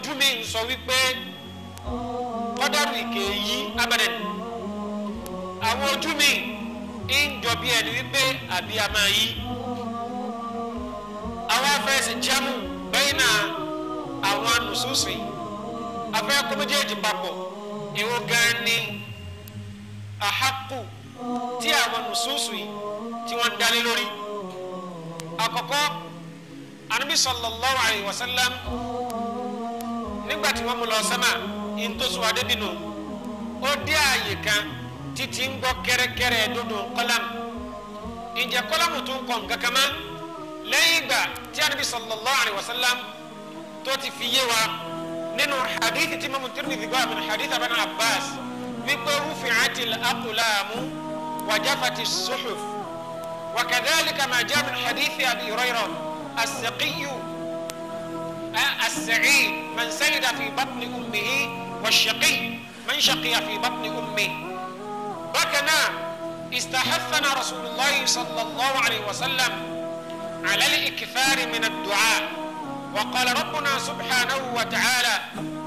ojú mi ń sọ wípé kọ́dọ̀rù ìkè yí abẹ́rẹ́ àwọn ojú mi ń jọ bí ẹni wípé àbí a máa yí àwọn afẹ́sẹ̀ jámù bẹ́yìn náà àwọn nùsùsùn afẹ́ kó méjèèjì papọ̀ ìwọ gan ni àhákù tí àwọn nùsùsùn tí wọ́n dálé lórí àkọ́kọ́ anabi sallallahu alayhi wa nígbà tí wọ́n mú lọ sánmà ntòsíwádé bínú ó dé ààyè kan títí ń gbọ́ kẹ́rẹ́kẹ́rẹ́ dúdú kọ́lámù ǹjẹ́ kọ́lámù tó ń kọ́ nǹkan kan mọ́ lẹ́yìn ìgbà tí anabi sallallahu alayhi wa sallam tó ti fi yé wa nínú hadith tí mamu tirmidhi gbọ́ àmì hadith abana abbas wípé rufi'ati al-aqlamu wajafati as-suhuf wa kadhalika hadith abi hurayra as-saqiyyu. آه، السعيد من سعد في بطن أمه والشقي من شقي في بطن أمه بكنا استحثنا رسول الله صلى الله عليه وسلم على الإكثار من الدعاء وقال ربنا سبحانه وتعالى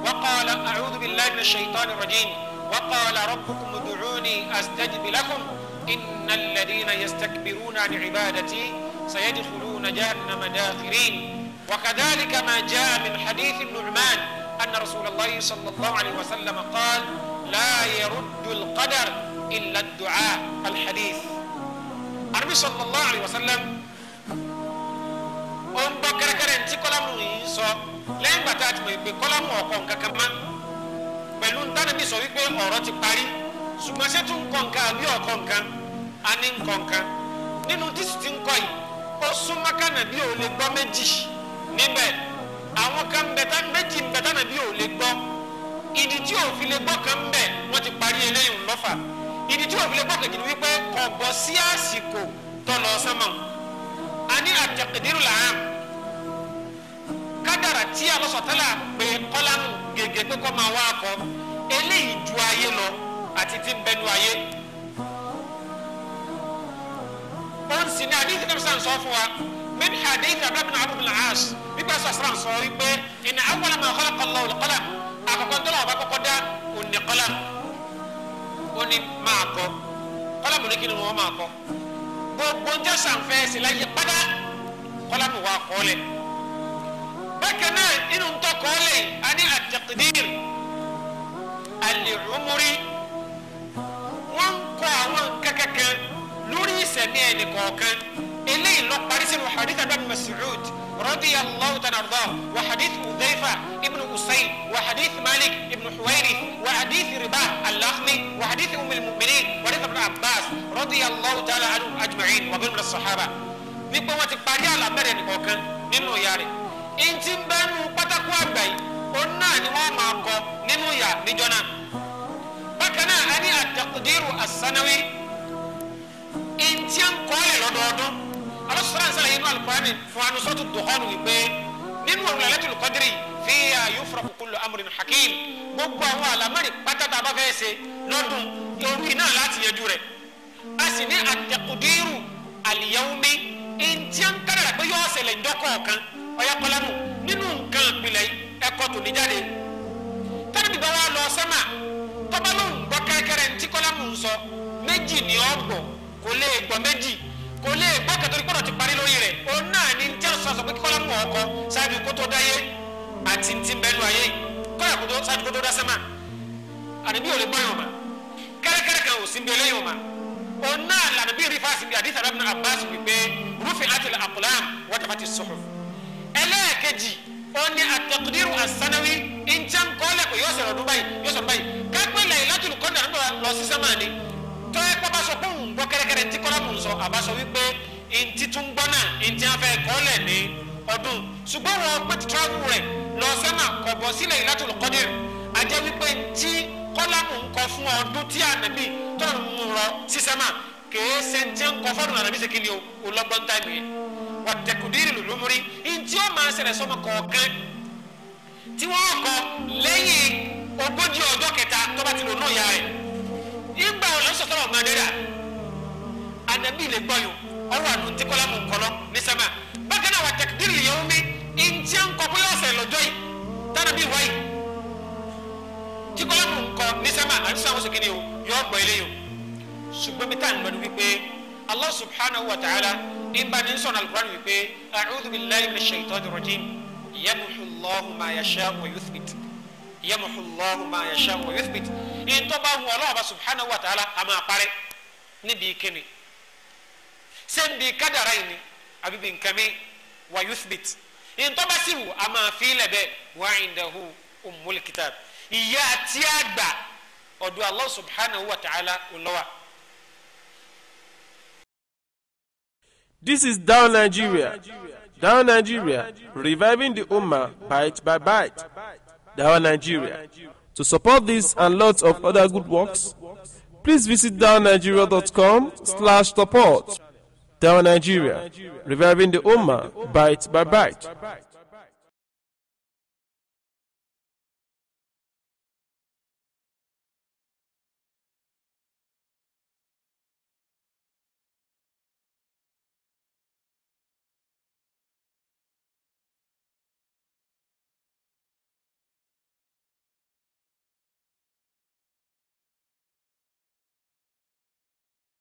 وقال أعوذ بالله من الشيطان الرجيم وقال ربكم ادعوني أستجب لكم إن الذين يستكبرون عن عبادتي سيدخلون جهنم داخرين وكذلك ما جاء من حديث النعمان أن رسول الله صلى الله عليه وسلم قال لا يرد القدر إلا الدعاء الحديث النبي صلى الله عليه وسلم أم بكر كرنت كلام ريسا لين بتات بكلام وكم كما بلون تنا بيسوي بي أورات باري سماشتون كونكا بي أكونكا أنين كونكا نينو تيسوتين كوي أو سماكا نبي أولي بامدش níbẹ̀ àwọn kan bẹ̀tà méjì bẹ̀tà nàbí ò lè gbọ́ ìdí tí òfin lè gbọ́ kan bẹ̀ wọ́n ti parí eléyìí lọ́fà ìdí tí òfin lè gbọ́ kejì ni wípé kọ̀gbọ́ sí àsìkò tọ̀nà sánmà àní àtẹ̀kẹ̀dẹ́rù làám kádàrà tí alọ́sọ̀tálà pé kọ́lámù gègé pé kọ́ máa wá kọ́ eléyìí ju ayé lọ àti ti bẹnu ayé ó ń sin ní àdéhùn náà sọ fún wa. من حديث abdullahi bin abu bin al-as nígbà sọ àṣírà sọ wípé inna awwala ma khalaqa Allahu al-qalam àkọ́kọ́ tó lọ́wọ́ bá kọ́kọ́ dá òní qalam òní máa kọ́ qalam ní kí ni wọ́n máa kọ́ gbogbo ń jẹ́ sànfẹ́ sí láyé padà qalam wà kọ́lẹ̀ bákan náà inú ń tọ́ ani at-taqdir al-umri wọ́n àwọn kẹ́kẹ́kẹ́ lórí ìsẹ̀mí ẹnì kọ̀ọ̀kan. إلي لو قارسين وحديث ابن مسعود رضي الله تعالى عنه وحديث حذيفة ابن أسيل وحديث مالك ابن حويرث وحديث رباح اللخمي وحديث أم المؤمنين وحديث ابن عباس رضي الله تعالى عنه أجمعين وبين من الصحابة نبوة باريا لابد أن يكون يعني نمو ياري إن تنبان مبتا قوابي قلنا نمو ماكو نمو يا نجونا بكنا أني التقدير السنوي إن تنبان alukurani fún anusọ́tù dùkọ́nù wípé nínú òrùlé lẹ́tùlù kọ́dírì fi àyùfura kúkúlù amúrin hakim gbogbo àwọn àlámọ́rì pátátá bá fẹ́ ṣe lọ́dún orí náà láti yẹjú rẹ̀ a sì ní àtẹkùdírù àlìyáwómi ntí à ń kára pé yóò ṣẹlẹ̀ ńdọ́kọ̀ọ̀kan ọ̀yàkọ́lámù nínú nǹkan ìpìlẹ̀ ẹ̀kọ́ tòní jáde tẹ́lifí bá wà lọ sẹ́mà tọ́balóhùn gbọ́ kẹ́kẹ́rẹ́ ntí kọ́lámù sọ méjì ní ọ̀gbọ̀ kò lè gbọ́ méjì kò lè gbọ́ kẹtọ́rí kọ́nà ti parí lórí rẹ̀ òun náà ni tí a sọ sọ pé kíkọ́lá mọ̀ ọkọ ṣáájú kó tó dáyé àti ti bẹ́ẹ̀ lu ayé kọ́nà kó tó ṣáájú kó tó dá sẹ́mà àdébí ò lè gbọ́ yòòmà kẹ́rẹ́kẹ́rẹ́ kan ò sí ń bẹ lẹ́yìn òmà òun náà lànà bí rífàsì bí àdìsá rábìnà Abbas wípé rúfin àtìlẹ̀ àkùlám wọ́tàfàtì sọ̀rọ̀ ẹlẹ́ẹ̀kejì òun ni àtẹ̀kùdírù àsánáwí ìjẹun kọ́lẹ̀ kò yóò sọ̀rọ̀ ọdún báyìí yóò sọ̀rọ̀ báyìí kápẹ́ lẹ́yìn látùlù kọ́ńdà nígbà lọ sí sẹ́mà ni tọ́ ń gbọ́ kẹ́rẹ́kẹ́rẹ́ ntí kọ́lá mò ń sọ àbá sọ wípé ntí tún gbọ́ náà ntí afẹ́ kọ́lẹ̀ ní ọdún ṣùgbọ́n wọn pé ti travel rẹ̀ lọ sẹ́mà kọ̀bọ̀ sílẹ̀ ìlàtò lọ́kọ́dẹ̀ ajẹ́ wípé ntí kọ́lá mò ń kọ fún ọdún tí ànàbí tó ń mú rọ sí sẹ́mà kèé ṣe ntí ń kọ fọ́dún ànàbí ṣe kíni o lọ́gbọ́n táìmù yẹn wàtẹ̀kùdírì lùlùmírí ntí ó máa ṣẹlẹ̀ sọ́mọ kọ̀ọ̀kan tí wọ́n kọ lẹ́yìn ogójì ọjọ́ kẹta tó bá ti lò náà yá rẹ̀ ìgbà ọ̀lọ́sọ̀tọ̀ ọ̀gbọ́n adẹ́rẹ́ anabi le gbọ́ yìí ọwọ́ àánú ti kọ́lá mu nkọ́lọ́ ní sẹ́mà bákan náà wà tẹkidiri yẹn omi ntí nkọ́kọ́ yọ ọ̀sẹ̀ lọ́jọ́ yìí tánàbí wáyé ti kọ́lá mu nkọ́ ní sẹ́mà àti sàwọn sèké ni o yọ ọgbọ̀ ilé yìí ṣùgbọ́n mi táà ń lọ́nu wípé Allah Subhana wa ta'ala nígbà ní sọ̀nà alukur'an wípé a'udhu billahi minash shaitanir rajim yamuhu Allahu ma yasha wa yuthbit yamuhu Allahu ma yasha wa yuthbit ìtọ́ba wù ọlọ́ọ̀ba subhanahu wa ta'ala àmà àpárẹ́ níbi kíni ṣé bí kádàrá ni àbí bí nkàmi wà yuthbit ntọ́ba sì wù a fi ilẹ̀ bẹ́ẹ̀ wà indahu ummul kitab ìyá àti àgbà ọ̀dọ̀ Allah subhanahu wa ta'ala olówà. This is Down Nigeria. Down Nigeria, reviving the Ummah bite by bite. Down Nigeria. To support this and lots of other good works, please visit downnigeria.com slash support. down Nigeria, reviving the Ummah bite by bite.